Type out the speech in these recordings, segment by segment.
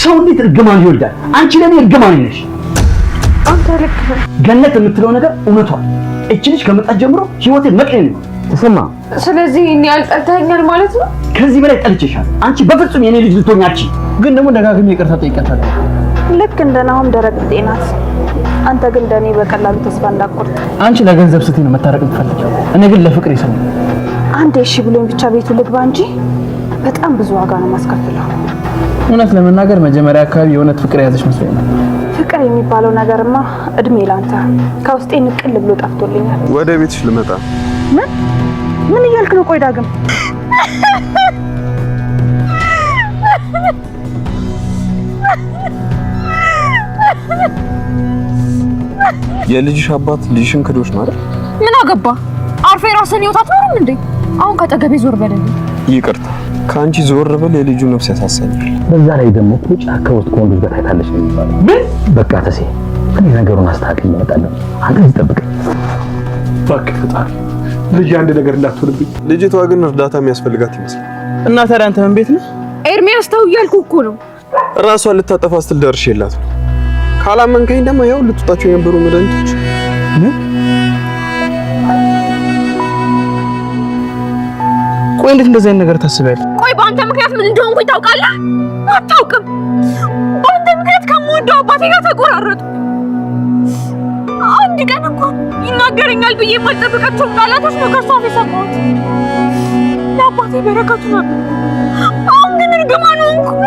ሰው እንዴት እርግማን ይወልዳል? አንቺ ለኔ እርግማን ነሽ። አንተ ልክ ገነት የምትለው ነገር እውነቷል። እቺ ልጅ ከመጣች ጀምሮ ህይወቴ መቅኔን ነው ተሰማ። ስለዚህ እኔ ያልጠልተኛል ማለት ነው። ከዚህ በላይ ጠልቼሻል። አንቺ በፍጹም የኔ ልጅ ልትሆኝ ግን ደግሞ ደጋግሜ ይቅርታ ጠይቀሻለሁ። ልክ እንደናሁም ደረቅ ጤናት አንተ ግን ለእኔ በቀላሉ ተስፋ እንዳቆርጥ። አንቺ ለገንዘብ ስትይ ነው መታረቅ የምትፈልጊው፣ እኔ ግን ለፍቅር ይሰማል። አንዴ እሺ ብሎኝ ብቻ ቤቱ ልግባ እንጂ በጣም ብዙ ዋጋ ነው ማስከፍለው። እውነት ለመናገር መጀመሪያ አካባቢ የእውነት ፍቅር የያዘች መስሎኝ ነው። ፍቅር የሚባለው ነገርማ እድሜ ላንተ ከውስጤ ንቅል ብሎ ጠፍቶልኛል። ወደ ቤትሽ ልመጣ። ምን ምን እያልክ ነው? ቆይ ዳግም የልጅሽ አባት ልጅሽን ክዶሽ ማለት ምን አገባ? አርፌ ራስን ይወጣት ነው እንዴ? አሁን ካጠገቤ ዞር በለኝ። ይቅርታ ከአንቺ ዞር ብል የልጁ ነፍስ ያሳሰኛል። በዛ ላይ ደግሞ ጫካ ውስጥ ከወንዶች ጋር ታይታለች ነው የሚባለው። ምን በቃ ተሴ እኔ ነገሩን አስተካክል ይመጣለን። አንተ ይጠብቀኝ እባክህ ፈጣሪ፣ ልጅ አንድ ነገር እንዳትሆንብኝ። ልጅቷ ግን እርዳታ የሚያስፈልጋት ይመስላል። እና ታዲያ አንተ ምን ቤት ነው ኤርሚያስ? ተው እያልኩህ እኮ ነው። ራሷን ልታጠፋ ስትል ደርሼላት ነው። ካላመንከኝ ደግሞ ያው ልትወጣቸው የነበሩ መድኃኒቶች ቆይ እንዴት እንደዚህ አይነት ነገር ታስቢያለሽ? ቆይ በአንተ ምክንያት ምን እንደሆንኩኝ ታውቃለህ? አታውቅም። በአንተ ምክንያት ከምወደው አባቴ ጋር ተቆራረጡ። አንድ ቀን እኮ ይናገረኛል ብዬ የማልጠብቃቸውን ቃላቶች ነው ከሷ የሰማሁት። ለአባቴ በረከቱ ነበር።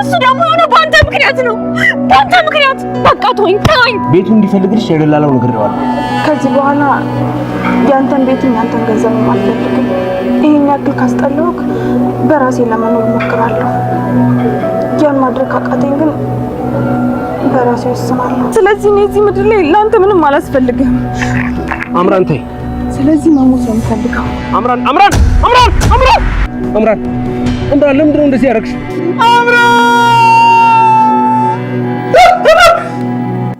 እሱ ደግሞ የሆነ በአንተ ምክንያት ነው። በአንተ ምክንያት በቃ ተወኝ፣ ተወኝ። ቤቱ እንዲፈልግልሽ የደላላው ነግሬዋለሁ። ከዚህ በኋላ ያንተን ቤቱን ያንተን ገንዘብ አልፈልግም። ይህን ያክል ካስጠላሁህ በራሴ ለመኖር እሞክራለሁ። ያን ማድረግ አቃተኝ ግን በራሴ ወስናለሁ። ስለዚህ እኔ እዚህ ምድር ላይ ለአንተ ምንም አላስፈልግም። አምራን ተይ። ስለዚህ መሞት ነው የምፈልገው። አምራን አምራን አምራን አምራን አምራን እንዳለ ምንድነው እንደዚህ ያደረግሽ? አብራ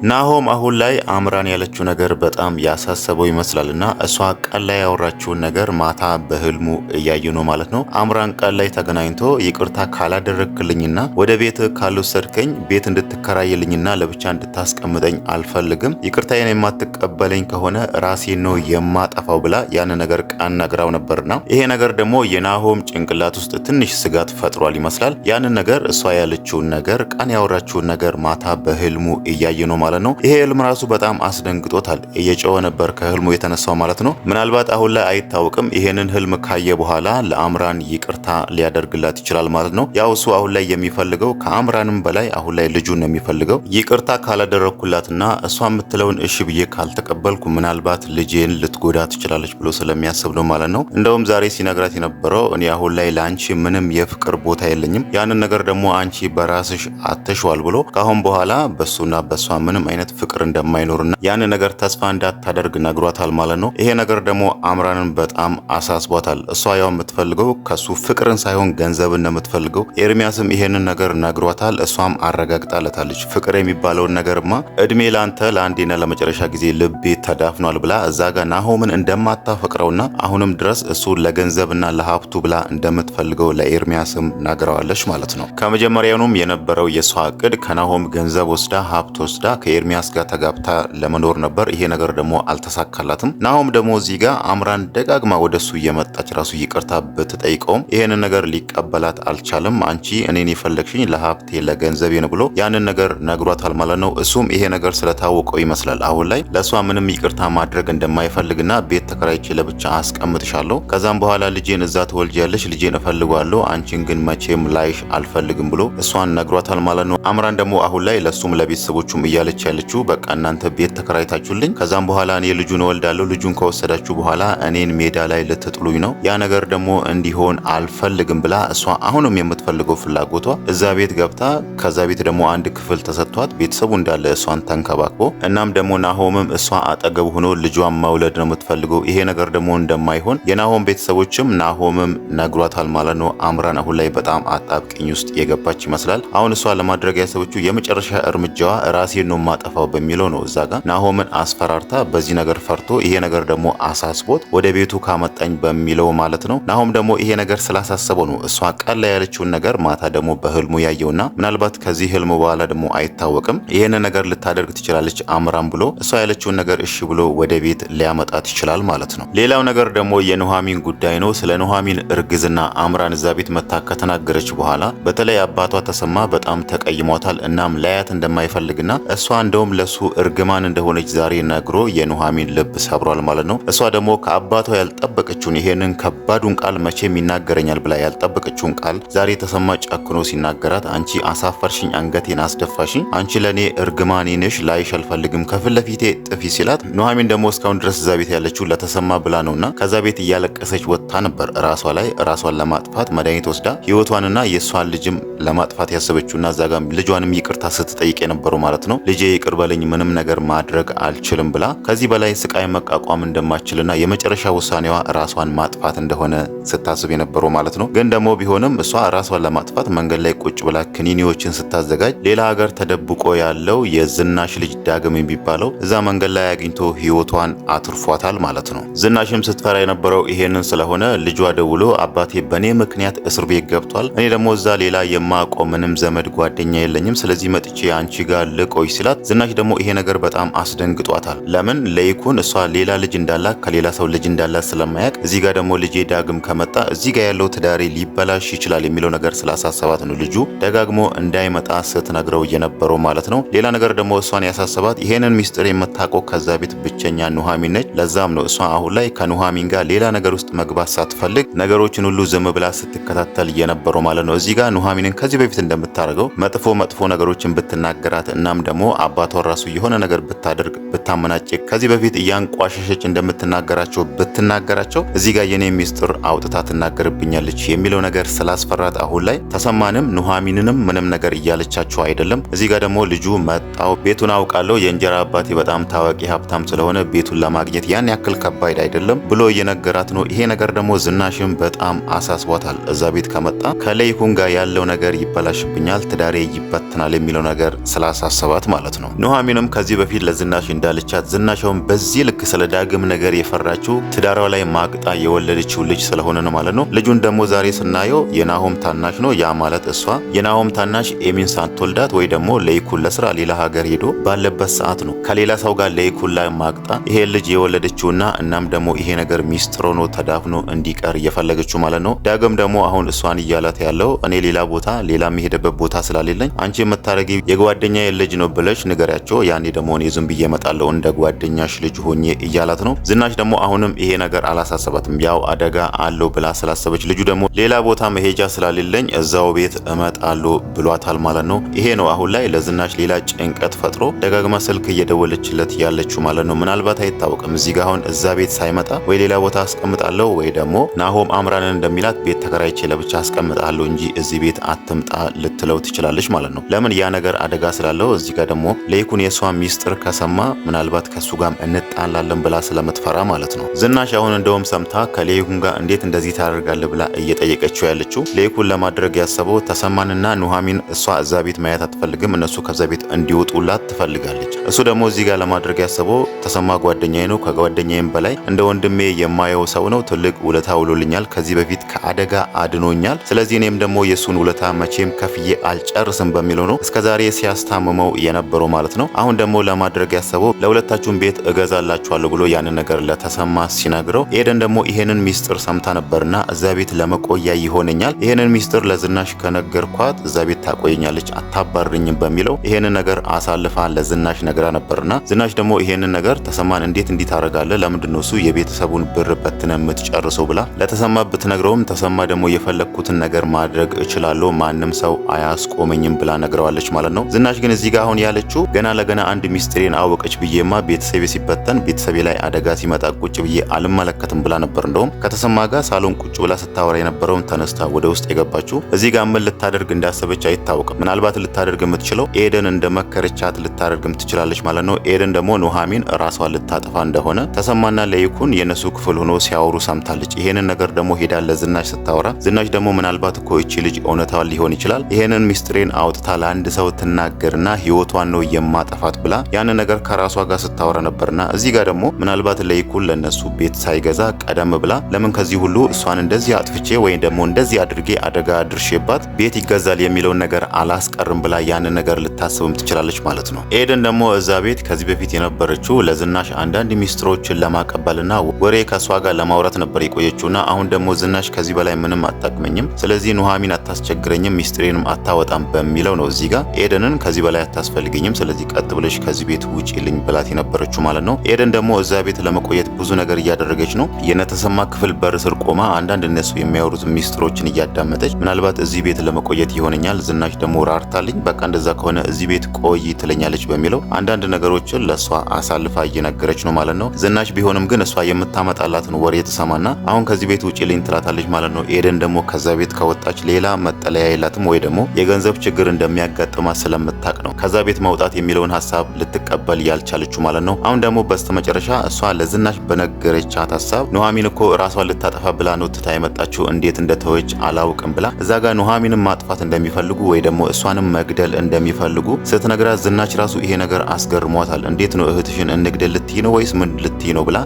ናሆም አሁን ላይ አምራን ያለችው ነገር በጣም ያሳሰበው ይመስላል እሷ ቀን ላይ ያወራችውን ነገር ማታ በህልሙ እያየ ነው ማለት ነው። አምራን ቀን ላይ ተገናኝቶ ይቅርታ ካላደረግክልኝና ወደ ቤት ካልወሰድከኝ ቤት እንድትከራይልኝና ለብቻ እንድታስቀምጠኝ አልፈልግም፣ ይቅርታዬን የማትቀበለኝ ከሆነ ራሴ ነው የማጠፋው ብላ ያን ነገር ቀን ነግራው ነበርና ይሄ ነገር ደግሞ የናሆም ጭንቅላት ውስጥ ትንሽ ስጋት ፈጥሯል ይመስላል። ያንን ነገር እሷ ያለችውን ነገር ቀን ያወራችውን ነገር ማታ በህልሙ እያየ ነው ማለት ነው። ይሄ ህልም ራሱ በጣም አስደንግጦታል። እየጮኸ ነበር ከህልሙ የተነሳው ማለት ነው። ምናልባት አሁን ላይ አይታወቅም። ይሄንን ህልም ካየ በኋላ ለአምራን ይቅርታ ሊያደርግላት ይችላል ማለት ነው። ያው እሱ አሁን ላይ የሚፈልገው ከአምራንም በላይ አሁን ላይ ልጁን ነው የሚፈልገው። ይቅርታ ካላደረግኩላትና እሷ የምትለውን እሺ ብዬ ካልተቀበልኩ ምናልባት ልጄን ልትጎዳ ትችላለች ብሎ ስለሚያስብ ነው ማለት ነው። እንደውም ዛሬ ሲነግራት የነበረው እኔ አሁን ላይ ለአንቺ ምንም የፍቅር ቦታ የለኝም፣ ያንን ነገር ደግሞ አንቺ በራስሽ አትሸዋል ብሎ ከአሁን በኋላ በሱና በሷ ምንም ምንም አይነት ፍቅር እንደማይኖርና ያን ነገር ተስፋ እንዳታደርግ ነግሯታል ማለት ነው። ይሄ ነገር ደግሞ አምራንን በጣም አሳስቧታል። እሷ ያው የምትፈልገው ከሱ ፍቅርን ሳይሆን ገንዘብን ነው የምትፈልገው። ኤርሚያስም ይሄንን ነገር ነግሯታል። እሷም አረጋግጣለታለች። ፍቅር የሚባለውን ነገርማ እድሜ ላንተ ለአንዴና ለመጨረሻ ጊዜ ልቤ ተዳፍኗል ብላ እዛ ጋር ናሆምን እንደማታፈቅረውና አሁንም ድረስ እሱ ለገንዘብና ለሀብቱ ብላ እንደምትፈልገው ለኤርሚያስም ነግረዋለች ማለት ነው። ከመጀመሪያውኑም የነበረው የእሷ እቅድ ከናሆም ገንዘብ ወስዳ ሀብት ወስዳ ከኤርሚያስ ጋር ተጋብታ ለመኖር ነበር። ይሄ ነገር ደግሞ አልተሳካላትም። ናሆም ደግሞ እዚህ ጋር አምራን ደጋግማ ወደሱ እየመጣች ራሱ ይቅርታ ብትጠይቀውም ይሄንን ነገር ሊቀበላት አልቻለም። አንቺ እኔን የፈለግሽኝ ለሀብቴ ለገንዘቤ ነው ብሎ ያንን ነገር ነግሯታል ማለት ነው። እሱም ይሄ ነገር ስለታወቀው ይመስላል አሁን ላይ ለእሷ ምንም ይቅርታ ማድረግ እንደማይፈልግና ቤት ተከራይቼ ለብቻ አስቀምጥሻለሁ፣ ከዛም በኋላ ልጄን እዛ ትወልጃለሽ፣ ልጄን እፈልጓለሁ፣ አንቺን ግን መቼም ላይሽ አልፈልግም ብሎ እሷን ነግሯታል ማለት ነው። አምራን ደግሞ አሁን ላይ ለሱም ለቤተሰቦቹም እያለች እያለች ያለችው በቃ እናንተ ቤት ተከራይታችሁልኝ፣ ከዛም በኋላ እኔ ልጁን እወልዳለሁ። ልጁን ከወሰዳችሁ በኋላ እኔን ሜዳ ላይ ልትጥሉኝ ነው። ያ ነገር ደግሞ እንዲሆን አልፈልግም ብላ እሷ አሁንም የምትፈልገው ፍላጎቷ እዛ ቤት ገብታ ከዛ ቤት ደግሞ አንድ ክፍል ተሰጥቷት ቤተሰቡ እንዳለ እሷን ተንከባክቦ እናም ደግሞ ናሆምም እሷ አጠገብ ሆኖ ልጇን መውለድ ነው የምትፈልገው። ይሄ ነገር ደግሞ እንደማይሆን የናሆም ቤተሰቦችም ናሆምም ነግሯታል ማለት ነው። አምራን አሁን ላይ በጣም አጣብቅኝ ውስጥ የገባች ይመስላል። አሁን እሷ ለማድረግ ያሰበችው የመጨረሻ እርምጃዋ ራሴን ነው ማጠፋው በሚለው ነው እዛ ጋር ናሆምን አስፈራርታ በዚህ ነገር ፈርቶ ይሄ ነገር ደግሞ አሳስቦት ወደ ቤቱ ካመጣኝ በሚለው ማለት ነው። ናሆም ደግሞ ይሄ ነገር ስላሳሰበው ነው እሷ ላይ ያለችውን ነገር ማታ ደግሞ በህልሙ ያየውና ምናልባት ከዚህ ህልሙ በኋላ ደግሞ አይታወቅም ይህን ነገር ልታደርግ ትችላለች አምራም ብሎ እሷ ያለችውን ነገር እሺ ብሎ ወደ ቤት ሊያመጣት ይችላል ማለት ነው። ሌላው ነገር ደግሞ የኑሐሚን ጉዳይ ነው። ስለ ኑሐሚን እርግዝና አምራን እዛ ቤት መታ ከተናገረች በኋላ በተለይ አባቷ ተሰማ በጣም ተቀይሟታል። እናም ላያት እንደማይፈልግና እሷ እንደውም ለሱ እርግማን እንደሆነች ዛሬ ነግሮ የኑሐሚን ልብ ሰብሯል ማለት ነው። እሷ ደግሞ ከአባቷ ያልጠበቀችውን ይሄንን ከባዱን ቃል መቼም ይናገረኛል ብላ ያልጠበቀችውን ቃል ዛሬ ተሰማ ጨክኖ ሲናገራት አንቺ አሳፈርሽኝ፣ አንገቴን አስደፋሽኝ፣ አንቺ ለእኔ እርግማኔ ነሽ፣ ላይሽ አልፈልግም፣ ከፊት ለፊቴ ጥፊ ሲላት ኑሐሚን ደግሞ እስካሁን ድረስ እዛ ቤት ያለችው ለተሰማ ብላ ነውና ከዛ ቤት እያለቀሰች ወጥታ ነበር ራሷ ላይ ራሷን ለማጥፋት መድኃኒት ወስዳ ህይወቷንና የእሷን ልጅም ለማጥፋት ያሰበችውና እዛ ጋ ልጇንም ይቅርታ ስትጠይቅ የነበረው ማለት ነው ልጄ ይቅር በለኝ ምንም ነገር ማድረግ አልችልም ብላ ከዚህ በላይ ስቃይ መቋቋም እንደማችልና የመጨረሻ ውሳኔዋ ራሷን ማጥፋት እንደሆነ ስታስብ የነበረው ማለት ነው። ግን ደግሞ ቢሆንም እሷ ራሷን ለማጥፋት መንገድ ላይ ቁጭ ብላ ክኒኒዎችን ስታዘጋጅ ሌላ ሀገር ተደብቆ ያለው የዝናሽ ልጅ ዳግም የሚባለው እዛ መንገድ ላይ አግኝቶ ህይወቷን አትርፏታል ማለት ነው። ዝናሽም ስትፈራ የነበረው ይሄንን ስለሆነ ልጇ ደውሎ አባቴ በእኔ ምክንያት እስር ቤት ገብቷል፣ እኔ ደግሞ እዛ ሌላ የማቆ ምንም ዘመድ ጓደኛ የለኝም፣ ስለዚህ መጥቼ አንቺ ጋር ልቆይ ሲላት አላት። ዝናሽ ደግሞ ይሄ ነገር በጣም አስደንግጧታል። ለምን ለይኩን እሷ ሌላ ልጅ እንዳላት ከሌላ ሰው ልጅ እንዳላት ስለማያውቅ እዚህ ጋር ደግሞ ልጄ ዳግም ከመጣ እዚህ ጋር ያለው ትዳሬ ሊበላሽ ይችላል የሚለው ነገር ስላሳሰባት ነው ልጁ ደጋግሞ እንዳይመጣ ስትነግረው እየነበረው ማለት ነው። ሌላ ነገር ደግሞ እሷን ያሳሰባት ይሄንን ሚስጥር የምታውቀው ከዛ ቤት ብቸኛ ኑሐሚን ነች። ለዛም ነው እሷ አሁን ላይ ከኑሐሚን ጋር ሌላ ነገር ውስጥ መግባት ሳትፈልግ ነገሮችን ሁሉ ዝም ብላ ስትከታተል እየነበረው ማለት ነው። እዚህ ጋር ኑሐሚንን ከዚህ በፊት እንደምታደርገው መጥፎ መጥፎ ነገሮችን ብትናገራት እናም ደግሞ አባቷ ራሱ የሆነ ነገር ብታደርግ ብታመናጭቅ፣ ከዚህ በፊት እያንቋሸሸች እንደምትናገራቸው ብትናገራቸው እዚህ ጋር የኔ ሚስጥር አውጥታ ትናገርብኛለች የሚለው ነገር ስላስፈራት አሁን ላይ ተሰማንም ኑሐሚንንም ምንም ነገር እያለቻቸው አይደለም። እዚህ ጋር ደግሞ ልጁ መጣው ቤቱን አውቃለሁ የእንጀራ አባቴ በጣም ታዋቂ ሀብታም ስለሆነ ቤቱን ለማግኘት ያን ያክል ከባድ አይደለም ብሎ እየነገራት ነው። ይሄ ነገር ደግሞ ዝናሽም በጣም አሳስቧታል። እዛ ቤት ከመጣ ከሌይሁን ጋር ያለው ነገር ይበላሽብኛል፣ ትዳሬ ይበትናል የሚለው ነገር ስላሳሰባት ማለት ማለት ነው። ኑሐሚንም ከዚህ በፊት ለዝናሽ እንዳለቻት ዝናሻውን በዚህ ልክ ስለ ዳግም ነገር የፈራችው ትዳሯ ላይ ማቅጣ የወለደችው ልጅ ስለሆነ ነው ማለት ነው። ልጁን ደግሞ ዛሬ ስናየው የናሆም ታናሽ ነው። ያ ማለት እሷ የናሆም ታናሽ ኤሚን ሳትወልዳት ወይ ደግሞ ለይኩን ለስራ ሌላ ሀገር ሄዶ ባለበት ሰዓት ነው ከሌላ ሰው ጋር ለይኩን ላይ ማቅጣ ይሄ ልጅ የወለደችውና እናም ደግሞ ይሄ ነገር ሚስጥር ሆኖ ተዳፍኖ እንዲቀር እየፈለገችው ማለት ነው። ዳግም ደግሞ አሁን እሷን እያላት ያለው እኔ ሌላ ቦታ ሌላ የሚሄደበት ቦታ ስላሌለኝ አንቺ የምታደረጊ የጓደኛ ልጅ ነው ብለሽ እንደሆነች ንገሪያቸው፣ ያኔ ደግሞ እኔ ዝም ብዬ እመጣለሁ እንደ ጓደኛሽ ልጅ ሆኜ እያላት ነው። ዝናሽ ደግሞ አሁንም ይሄ ነገር አላሳሰባትም። ያው አደጋ አለው ብላ ስላሰበች ልጁ ደግሞ ሌላ ቦታ መሄጃ ስላሌለኝ እዛው ቤት እመጣለሁ ብሏታል ማለት ነው። ይሄ ነው አሁን ላይ ለዝናሽ ሌላ ጭንቀት ፈጥሮ ደጋግማ ስልክ እየደወለችለት ያለችው ማለት ነው። ምናልባት አይታወቅም እዚህ ጋ አሁን እዛ ቤት ሳይመጣ ወይ ሌላ ቦታ አስቀምጣለሁ ወይ ደግሞ ናሆም አምራንን እንደሚላት ቤት ተከራይቼ ለብቻ አስቀምጣለሁ እንጂ እዚህ ቤት አትምጣ ልትለው ትችላለች ማለት ነው። ለምን ያ ነገር አደጋ ስላለው እዚህ ጋ ደግሞ ደግሞ ለይኩን የሷ ሚስጥር ከሰማ ምናልባት ከሱ ጋም እንጣላለን ብላ ስለምትፈራ ማለት ነው። ዝናሽ አሁን እንደውም ሰምታ ከሌይኩን ጋር እንዴት እንደዚህ ታደርጋለህ ብላ እየጠየቀችው ያለችው ሌይኩን ለማድረግ ያሰበው ተሰማንና ኑሐሚን እሷ እዛ ቤት ማየት አትፈልግም፣ እነሱ ከዛ ቤት እንዲወጡላት ትፈልጋለች። እሱ ደግሞ እዚህ ጋር ለማድረግ ያሰበው ተሰማ ጓደኛዬ ነው፣ ከጓደኛዬም በላይ እንደ ወንድሜ የማየው ሰው ነው፣ ትልቅ ውለታ ውሎልኛል፣ ከዚህ በፊት ከአደጋ አድኖኛል። ስለዚህ እኔም ደግሞ የእሱን ውለታ መቼም ከፍዬ አልጨርስም በሚለው ነው እስከዛሬ ሲያስታምመው የነበረው የነበረው ማለት ነው። አሁን ደግሞ ለማድረግ ያሰበው ለሁለታችሁም ቤት እገዛላችኋለሁ ብሎ ያንን ነገር ለተሰማ ሲነግረው ኤደን ደግሞ ይሄንን ሚስጥር ሰምታ ነበርና እዛ ቤት ለመቆያ ይሆነኛል ይሄንን ሚስጥር ለዝናሽ ከነገርኳት እዛ ቤት ታቆየኛለች አታባርኝም በሚለው ይሄንን ነገር አሳልፋ ለዝናሽ ነግራ ነበርና ዝናሽ ደግሞ ይሄንን ነገር ተሰማን እንዴት እንዲታረጋለ ታደርጋለህ? ነው እሱ የቤተሰቡን ብር በትነ የምትጨርሰው ብላ ለተሰማ ብትነግረውም ተሰማ ደግሞ የፈለግኩትን ነገር ማድረግ እችላለሁ ማንም ሰው አያስቆመኝም ብላ ነግረዋለች ማለት ነው። ዝናሽ ግን እዚህ ጋር አሁን ያለች ያለችው ገና ለገና አንድ ሚስጥሬን አወቀች ብዬማ ቤተሰቤ ሲበተን ቤተሰቤ ላይ አደጋ ሲመጣ ቁጭ ብዬ አልመለከትም ብላ ነበር። እንደውም ከተሰማ ጋር ሳሎን ቁጭ ብላ ስታወራ የነበረውን ተነስታ ወደ ውስጥ የገባችው እዚህ ጋር ምን ልታደርግ እንዳሰበች አይታወቅም። ምናልባት ልታደርግ የምትችለው ኤደን እንደ መከረቻት ልታደርግም ትችላለች ማለት ነው። ኤደን ደግሞ ኑሐሚን ራሷን ልታጠፋ እንደሆነ ተሰማና ለይኩን የነሱ ክፍል ሆኖ ሲያወሩ ሰምታለች። ይሄንን ነገር ደግሞ ሄዳ ለዝናሽ ስታወራ ዝናሽ ደግሞ ምናልባት እኮ እቺ ልጅ እውነታ ሊሆን ይችላል ይሄንን ሚስጥሬን አውጥታ ለአንድ ሰው ትናገርና ህይወቷን ነው የማጠፋት ብላ ያን ነገር ከራሷ ጋር ስታወራ ነበርና እዚህ ጋር ደግሞ ምናልባት ለይኩን ለነሱ ቤት ሳይገዛ ቀደም ብላ ለምን ከዚህ ሁሉ እሷን እንደዚህ አጥፍቼ ወይም ደግሞ እንደዚህ አድርጌ አደጋ አድርሼባት ቤት ይገዛል የሚለውን ነገር አላስቀርም ብላ ያን ነገር ልታስብም ትችላለች ማለት ነው። ኤደን ደግሞ እዛ ቤት ከዚህ በፊት የነበረችው ለዝናሽ አንዳንድ ሚስጥሮችን ለማቀበልና ወሬ ከእሷ ጋር ለማውራት ነበር የቆየችውና አሁን ደግሞ ዝናሽ ከዚህ በላይ ምንም አጠቅመኝም ስለዚህ ኑሐሚን አታስቸግረኝም፣ ሚስጥሬንም አታወጣም በሚለው ነው እዚህ ጋር ኤደንን ከዚህ በላይ አታስፈልግኝም አልሰጠችኝም። ስለዚህ ቀጥ ብለሽ ከዚህ ቤት ውጪ ልኝ ብላት የነበረችው ማለት ነው። ኤደን ደግሞ እዛ ቤት ለመቆየት ብዙ ነገር እያደረገች ነው። የነተሰማ ክፍል በር ስር ቆማ አንዳንድ እነሱ የሚያወሩት ሚስጥሮችን እያዳመጠች ምናልባት እዚህ ቤት ለመቆየት ይሆነኛል፣ ዝናሽ ደግሞ ራርታልኝ፣ በቃ እንደዛ ከሆነ እዚህ ቤት ቆይ ትለኛለች በሚለው አንዳንድ ነገሮችን ለእሷ አሳልፋ እየነገረች ነው ማለት ነው። ዝናሽ ቢሆንም ግን እሷ የምታመጣላትን ወሬ ትሰማና አሁን ከዚህ ቤት ውጪ ልኝ ትላታለች ማለት ነው። ኤደን ደግሞ ከዛ ቤት ከወጣች ሌላ መጠለያ የላትም ወይ ደግሞ የገንዘብ ችግር እንደሚያጋጥማ ስለምታቅ ነው ከዛ ቤት ማውጣት የሚለውን ሀሳብ ልትቀበል ያልቻለችው ማለት ነው። አሁን ደግሞ በስተመጨረሻ እሷ ለዝናሽ በነገረቻት ሀሳብ ኑሐሚን እኮ ራሷን ልታጠፋ ብላ ነው ትታ የመጣችው እንዴት እንደተወች አላውቅም ብላ እዛ ጋር ኑሐሚንም ማጥፋት እንደሚፈልጉ ወይ ደግሞ እሷንም መግደል እንደሚፈልጉ ስትነግራት ዝናች ራሱ ይሄ ነገር አስገርሟታል። እንዴት ነው እህትሽን እንግደል ልትይ ነው ወይስ ምን ልትይ ነው ብላ